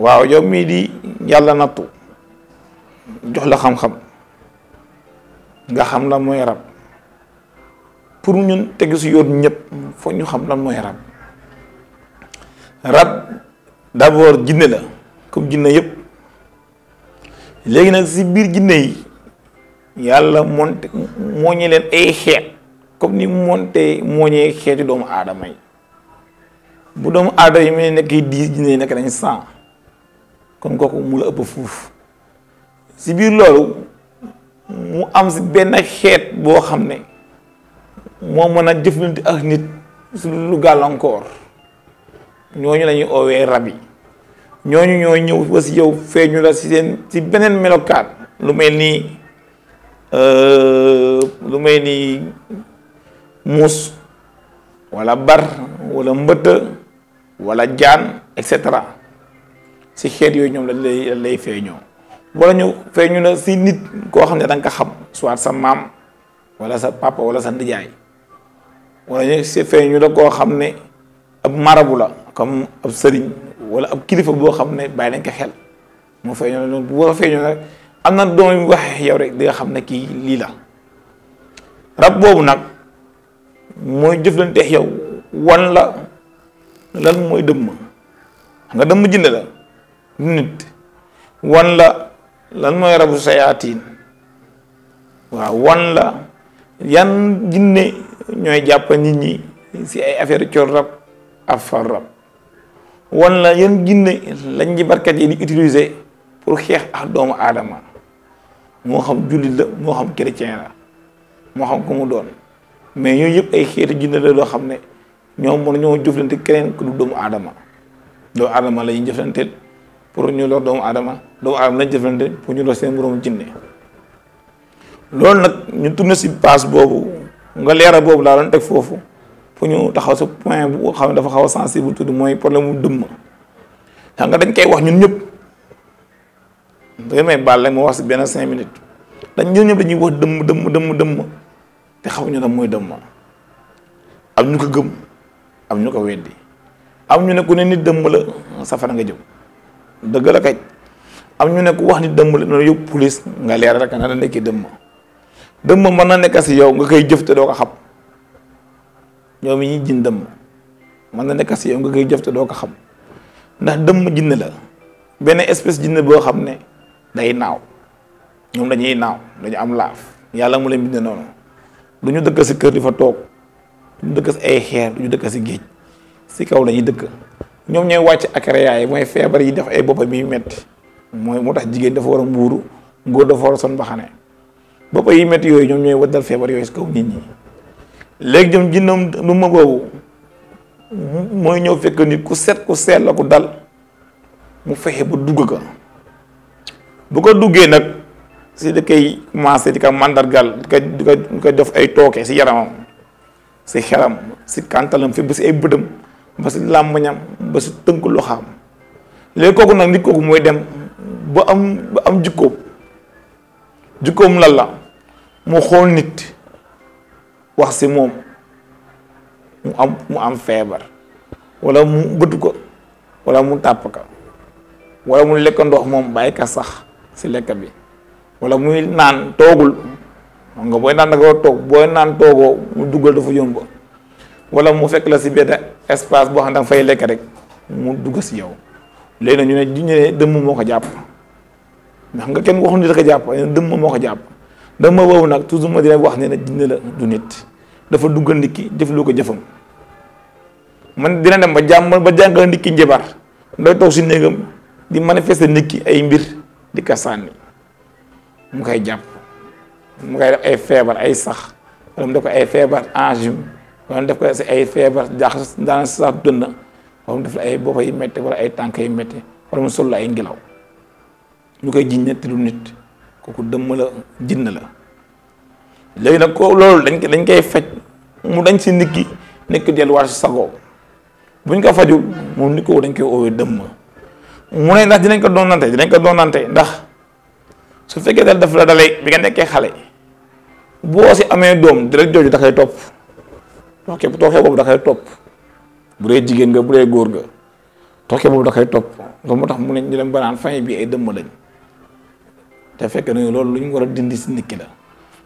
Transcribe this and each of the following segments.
waaw yow mii di yàlla nattu jox la xam-xam nga xam lan mooy rab pour ñun tegu si yoon ñëpp foo ñu xam lan mooy rab rab d'abord jinne la comme jinne yépp léegi nag si biir jinne yi yàlla monte mooñe leen ay xeet comme ni monte mooñee xeeti doomu aadama yi bu doomu aadama yi mu ne nekk dix jinne yi nekk nañ cent kon kooku mu la ëpp fuuf si biir loolu mu am si benn xeet boo xam ne moo mën a jëflante ak nit su lu gàllankoor ñooñu la ñuy oowee rab yi ñooñu ñoo ñëw ba yow feeñu la si seen si beneen melokaan lu mel ni euh, lu mel ni muus wala bar wala mbëtt wala jaan et cetera si xeet yooyu ñoom lañ lay lay feeñoo wala ñu feeñu na si nit koo xam ne da nga ko xam soit sa maam wala sa papa wala sa ndijaay wala ñu si feeñu la koo xam ne ab marabu la comme ab sëriñ wala ab kilifa boo xam ne nañ ko xel mu feeñoo la feeñoo nag am na doom yu waxee yow rek di nga xam ne kii lii la rab boobu nag mooy jëflanteex yow wan la lan mooy dëmm nga dëmm jinne la nit wan la lan mooy rabu sayaatiin waaw wan la yan jinne ñooy jàpp nit ñi si ay affaire cor rab afar rab wan la yan jinne lañ ji yi di utiliser pour xeex ak doomu aadama moo xam jullit la moo xam chrétien la moo xam ku mu doon mais yooyu yëpp ay xeetu jinne la loo xam ne ñoom mën ñoo jëflante keneen ku du doomu aadama doomu aadama la ñuy jëflanteel pour ñu lor doomu aadama doomu aadama lañ jëflante pour ñu lor seen moroom jinne loolu nag ñu na si passe boobu nga leeral boobu laa doon teg foofu pour ñu taxaw sa point bu xam ne dafa xaw a sensible tudd mooy problème mu dëmm xam nga dañ koy wax ñun ñëpp da may moo wax si benn cinq minutes dañ ñun ñëpp dañuy wax dëmm dëmm dëmm dëmm te xamuñu lan mooy dëmm am ñu ko gëm am ñu ko weddi am ñu ne ku ne nit dëmm la safara nga jëm dëgg la kay am ñu ne ku wax ni dëmm la noonu yóbbu police nga leer rek na la nekkee dëmm dëmm mën na nekk si yow nga koy jëf doo ko xam ñoom ñuy jin mën na nekk nga koy jëf doo ko xam ndax dëmm jinne la benn espèce jinne boo xam ne day naaw ñoom dañuy naaw dañu am laaf yàlla mu leen bind noonu du ñu dëkk si kër di fa toog du ñu dëkk si ay xeer du ñu dëkk si géej si kaw lañuy dëkk ñoom ñooy wàcc akréa yi mooy feebar yi def ay boppam bi metti mooy moo tax jigéen dafa war a mbuuru ngóor dafa war a son baxane boppam yi metti yooyu ñoom ñooy waddal feebar yooyu si kaw nit ñi léegi ñoom jinnam lu ñëw fekk nit ku set ku seet la ku dal mu fexe ba dugg ko bu ko duggee nag si da koy commencé di ko màndargal di ko di ko def ay tooke si yaramam si xelam si kàntalam fi ba si ay bëtam ba si làmbañam ba si tënk loxaam léegi kooku nag nit kooku mooy dem ba am ba am jikkoom jikkoom lan la mu xool nit wax si moom mu am mu am feebar walla mu bëtu ko walla mu tàpp ka wala mu lekk ndox moom bàyyi ka sax si lekk bi wala muy naan toogul man nga booy naan da nga toog booy naan toogoo mu duggal dafa yomb wala mu fekk la si benn espace boo xam ne danga fay lekk rek mu dugg si yow léegi nag ñu ne ñu ne dëmm moo ko jàpp ndax nga kenn waxuñu da ko jàpp dëmm moo ko jàpp dëmm boobu nag toujours ma wax ne ne jinne la du dafa duggal nit ki ko jëfam man dina dem ba jàmm ba jàngal njabar day toog si néegam di manifester nit ki ay mbir di ko sànni mu koy jàpp mu koy def ay feebar ay sax wala mu def ko ay feebar enjume wala def ko si ay feebar jaax daana sax dund wala mu def la ay boppa yu métti wala ay tànk yu métti wala mu sol la ay ngelaw ñu koy jiñ ñetti du nit kooku dëmm la jinn la léegi nag ko loolu dañ dañ koy faj mu dañ si nit ki nit ki delluwaat si sagoo buñ ko fajul moom nit dañ koy oowee dëmm mu ne ndax dinañ ko doon doonante dinañ ko nante ndax su fekkee dal daf la dalee bi nga nekkee xale boo si amee doom deret jooju da koy topp tooke tooke boobu da koy topp bu dee jigéen nga bu dee góor nga tooke boobu da koy topp loolu moo tax mu ne ñu dem ba naan famille bi ay dëmm lañ te fekk nañu loolu lu ñu war a dindi si nit la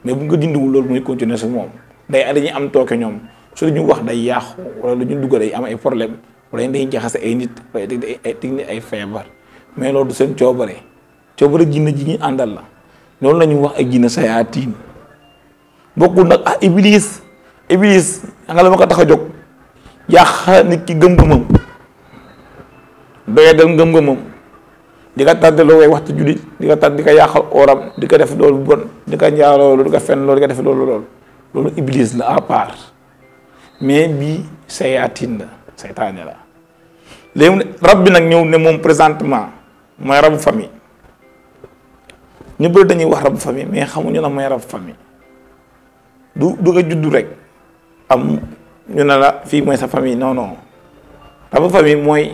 mais bu ñu ko dindiwul loolu muy continuer si moom day dañuy am tooke ñoom su ñu wax day yàqu wala lu ñu dugg day am ay problème wala dañuy jaxase ay nit wala ay technique ay feebar mais loolu du seen coobare coobare jinne ji ñu àndal la loolu la ñu wax ay jinne sayaatiin bokkul nag ah iblis. iblis nga la ma ko tax a jóg yàq nit ki gëm-gëmam doyadal ngëm-ngëmam di ko tàdd loo koy waxtu julli di nga tàdd di ko yàqal ooram di ko def loolu bon di ko njaaloolu di ko fen loolu di ko def loolu loolu loolu iblis la à part mais bii sayaatin la saytaane la léegi rab bi nag ñëw ne moom présentement mooy rabu famille ñu bëri dañuy wax rabu famille mais xamuñu ne mooy rabu famille du du nga juddu rek am ñu ne la fii mooy sa famille non non rabu famille mooy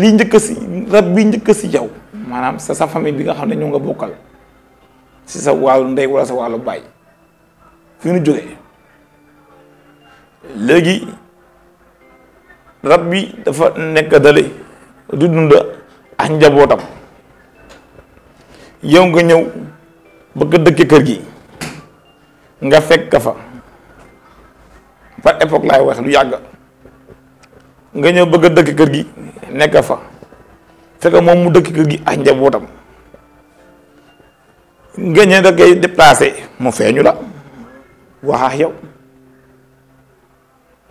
li njëkk si rab bi njëkk si yow maanaam sa sa famille bi nga xam ne ñoo nga bokkal si sa wàllu ndey wala sa wàllu baay fi ñu jógee léegi rab bi dafa nekk dale du dund ak njabootam yow nga ñëw bëgg dëkke kër gi nga fekk fa par époque laay wax lu yàgg nga ñëw bëgg a dëkk kër gi nekk fa fekk moom mu dëkk kër gi ak njabootam nga ñëw da koy déplacé mu feeñu yow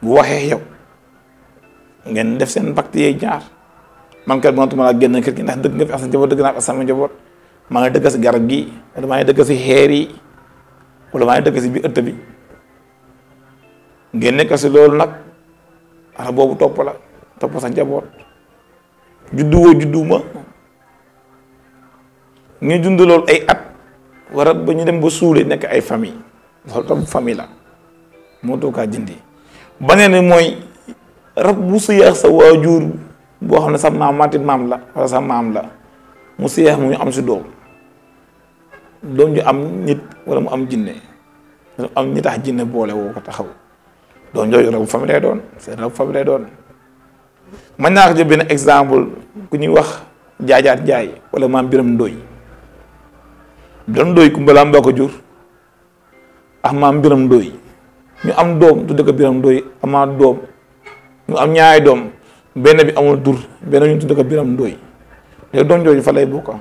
bu waxee yow ngeen def seen pacte yee ñaar man kër gi ndax dëgg nga fi ak sa njaboot dëgg naa ak sama njaboot maa ngi dëkk si garab gi wala maa ngi dëkk si xeer yi wala maa si biir ëtt bi ngeen nekk si loolu nag xanaa boobu topp la topp sa njaboot juddu woo juddu ma ñu dund loolu ay at war ba ñu dem ba suulee nekk ay famille loolu tam famille la moo too kaa jëndi baneen ni mooy rab bu siyax sa waajur boo xam ne sa maam maati maam la wala sa maam la mu siyax mu ñu am si doom doom ju am nit wala mu am jinne mu am ñi tax jinne boole woo ko taxaw doom jooju rabu famille lay doon seen rabu famille lay doon mën naa ko jël benn exemple ku ñuy wax jaajaat jaay wala maam biram ndóoy biram ndóoy kumbalaam mbaa ko jur ah maam biram ndóoy ñu am doom ko biram ndóoy amaat doom ñu am ñaari doom benn bi amul tur benn ñu tudde ko biram ndóoy léegi doom jooju fa lay bokka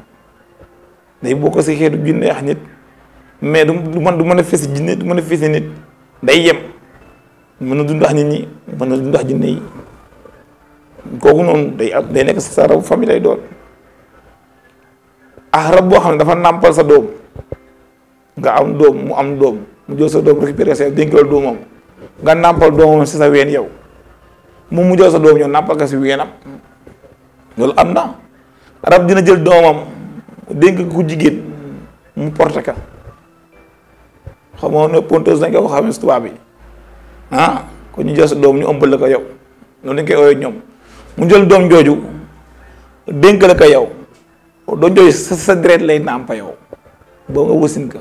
day bokk si xeetu jinne nit mais du man du mën a fesi jinne du mën a fesi nit day yem mën na ax nit ñi mën na dundax jinne yi kooku noonu day am day nekk sa rabu famille doon ah rab boo xam ne dafa nàmpal sa doom nga am doom mu am doom mu jël sa doom récupéré sa dénkal doomam nga nàmpal doomam si ween yow moom mu jël sa doom ñëw nàmpal ko si weenam loolu am na rab dina jël doomam dénk ku jigéen mu porte ka xamoo ne ponteuse dañ ko xam ne tubaab ah kon ñu jël doom ñu ëmbal la ko yow loolu dañ koy ooyee ñoom mu jël doom jooju dénk la ko yow doom jooju sa sa deret lay nàmpa yow boo nga wasin ko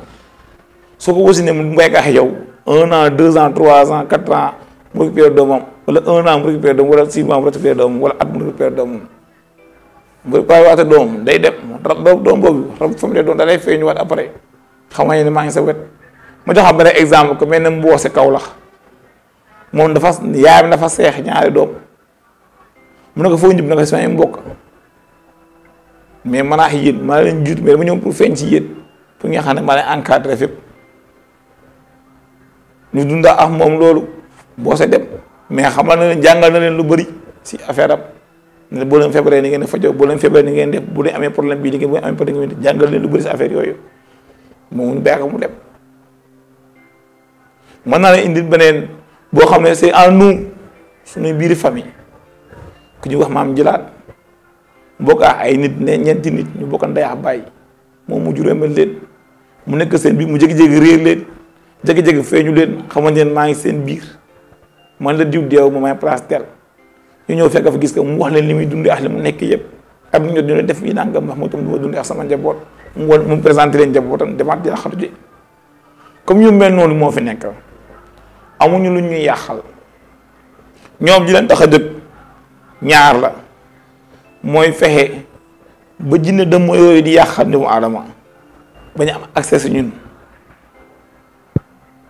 soo ko wasinee mu mbéy ak yow un an deux ans trois ans quatre ans mu récupéré doomam wala un an mu récupéré doomam wala six mois mu récupéré doomam wala at mu récupéré doomam bu pare doom day dem rab doom boobu rab famille doom da lay feeñuwaat après xam nga ne maa ngi sa wet ma jox xam benn exemple que mel ne Mboose Kaolack moom dafa yaayam dafa seex ñaari doom mu ne ko foofu ñib na ko samay mbokk mais manaax yéen maa leen juut mais dama ñëw ci yéen pour nga xam ne maa leen encadré ñu dundaa ak moom loolu boo sa dem mais xamal na leen jàngal na leen lu bëri si affaire am ne boo ngeen di boo leen feebaree ni ngeen def bu dee amee problème bii li ngeen bu amee problème bii jàngal leen lu mu bàyyi ko mu dem mën naa beneen. boo xam ne c'est en nous biir famille ku ñuy wax maam Jilaat bokk ak ay nit ne ñeenti nit ñu bokk ndey ak baay moom mu juróomeel leen mu nekk seen biir mu jékki-jékki réer leen jékki-jékki feeñu leen xamante ne maa ngi seen biir man la diw deew ma may place tel ñu ñëw fekk fa gis ko mu wax leen li muy dundee ak li mu nekk yëpp am nañu dina def yi nangam wax mu tam du ma dundee ak sama njaboot mu won mu présenté leen njabootam demaat dina xaru ji comme ñu mel noonu moo fi nekk. amuñu lu ñuy yàqal ñoom ji leen tax a jóg ñaar la mooy fexe ba jinne dem yooyu di yàqal ni mu aadama am accès ñun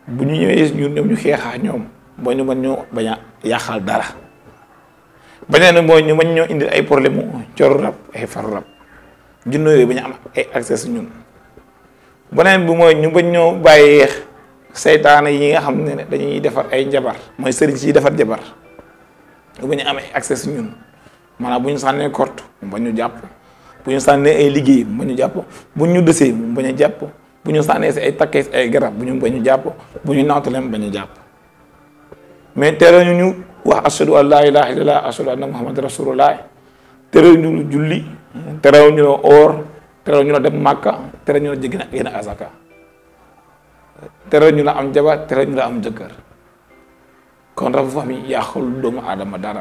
bu ñu ñëwee ñun ñoom ñu xeexaa ñoom ba ñu mën ñoo bañ a yàqal dara beneen bi mooy ñu mën ñoo indi ay problème mu coru rab ay far rab jinne yooyu ba ñu am ay accès si ñun beneen bi mooy ñu bañ ñoo bàyyi seytaane yi nga xam ne ne dañuy defar ay njabar mooy sëriñ si defar jabar bu ñu amee accès ñun maanaam bu ñu sànnee korte mu bañ ñu jàpp bu ñu sànnee ay liggéey mu bañ ñu jàpp bu ñu dësee mu bañ jàpp bu ñu sànnee si ay takkee ay garab bu ñu bañ ñu jàpp bu ñu naatalee mu bañ jàpp mais tere ñu ñu wax ashadu an laa ilaaha illallaah ashadu anna muhammadan rasulullaah tere ñu julli tere ñu la oor tere ñu la dem màkka tere ñu la jéggi na génn asaka tere ñu la am jabar tere ñu la am jëkkër kon rabu famille yàqul doomu adama dara